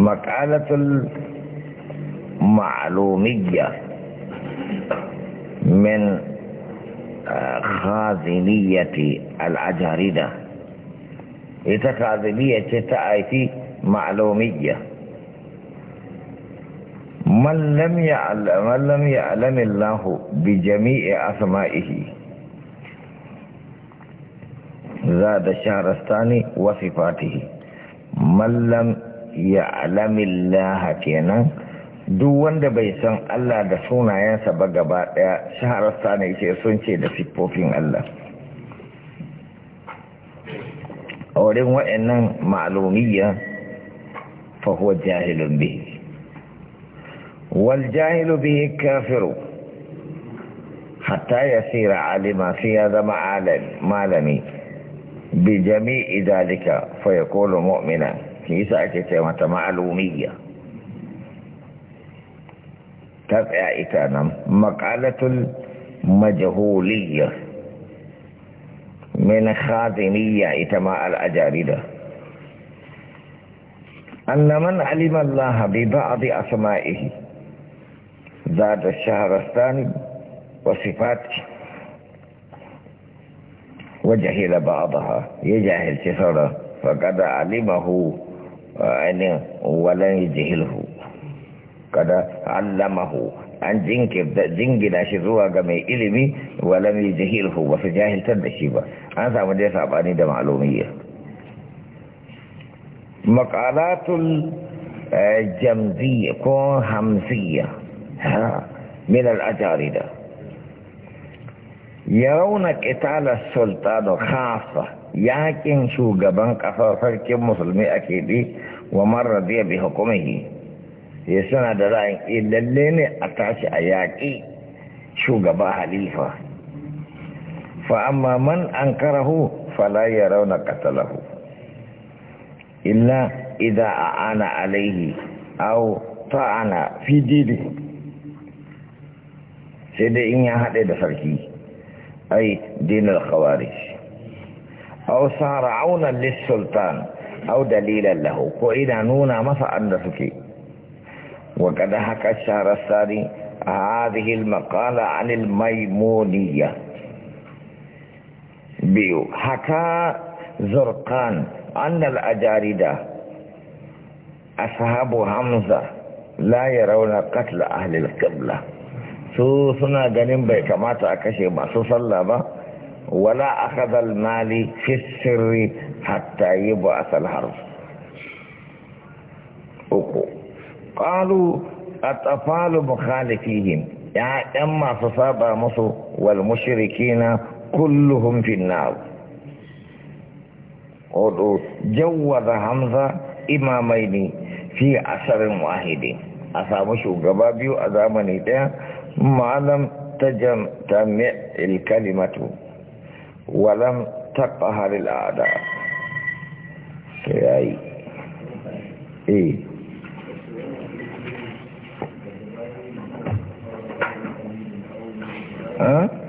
مسألة المعلومية من آه، خازنية الأجاردة إذا خازنية تأتي معلومية من لم يعلم من لم يعلم الله بجميع أسمائه زاد الشهر الثاني وصفاته من لم ya alamillaha kenan duk wanda bai san Allah da sunayensa ba gaba daya shahararsa ne ce sun ce da siffofin Allah a wurin waɗannan ma'alumiyya fa huwa jahilun bihi wal jahilu bihi kafiru hatta ya tsira alima sai ya zama malami bi jami'i dalika fa ya kolo nisa ake ce mata ma'alumiyya ta tsaya ita nan maƙalatul majahuliyya min khazimiyya ita ma al'ajarida annaman alimallaha bi ba'adi asma'ihi za da shaharastani wa sifati وجهل بعضها يجهل كثرة فقد علمه ainihin walan jihilhu kada allamahu an jingina shi zuwa ga mai ilimi walan jihilhu ba su jahiltar da shi ba an samu dai sabani da malumiyya makalatul eh, jamziya ko hamziyya ha al-ajarida yauna qitala sultano khassa yaƙin shugaban ƙasar sarkin musulmi a keɓe wa mara bi hukumahi ya suna da ra'ayin lalle ne a tashi a yaƙi shugaba halifa fa amma man an karahu fala ya rauna katalahu illa idan a ana alaihi aw ta fi fidili sai dai in ya haɗe da sarki أي دين الخوارج أو صار عونا للسلطان أو دليلا له وإذا نونا ما أندسكي وقد حكى الشهر الثاني هذه المقالة عن الميمونية بيو حكى زرقان أن الأجاردة أصحاب حمزة لا يرون قتل أهل القبلة su suna ganin bai kamata a kashe masu sallah ba wala akhadhal mali fi sirri hatta yub'a asal harf uku qalu atafalu mukhalifihim ya'yan masu saba musu wal mushrikina kulluhum fi nar hudu jawwaza hamza imamaini fi asarin wahidi a samu shugaba biyu a zamani ɗaya. ما لم تمع الكلمة ولم تقهر الأعداء سيأي إيه أه؟ Huh?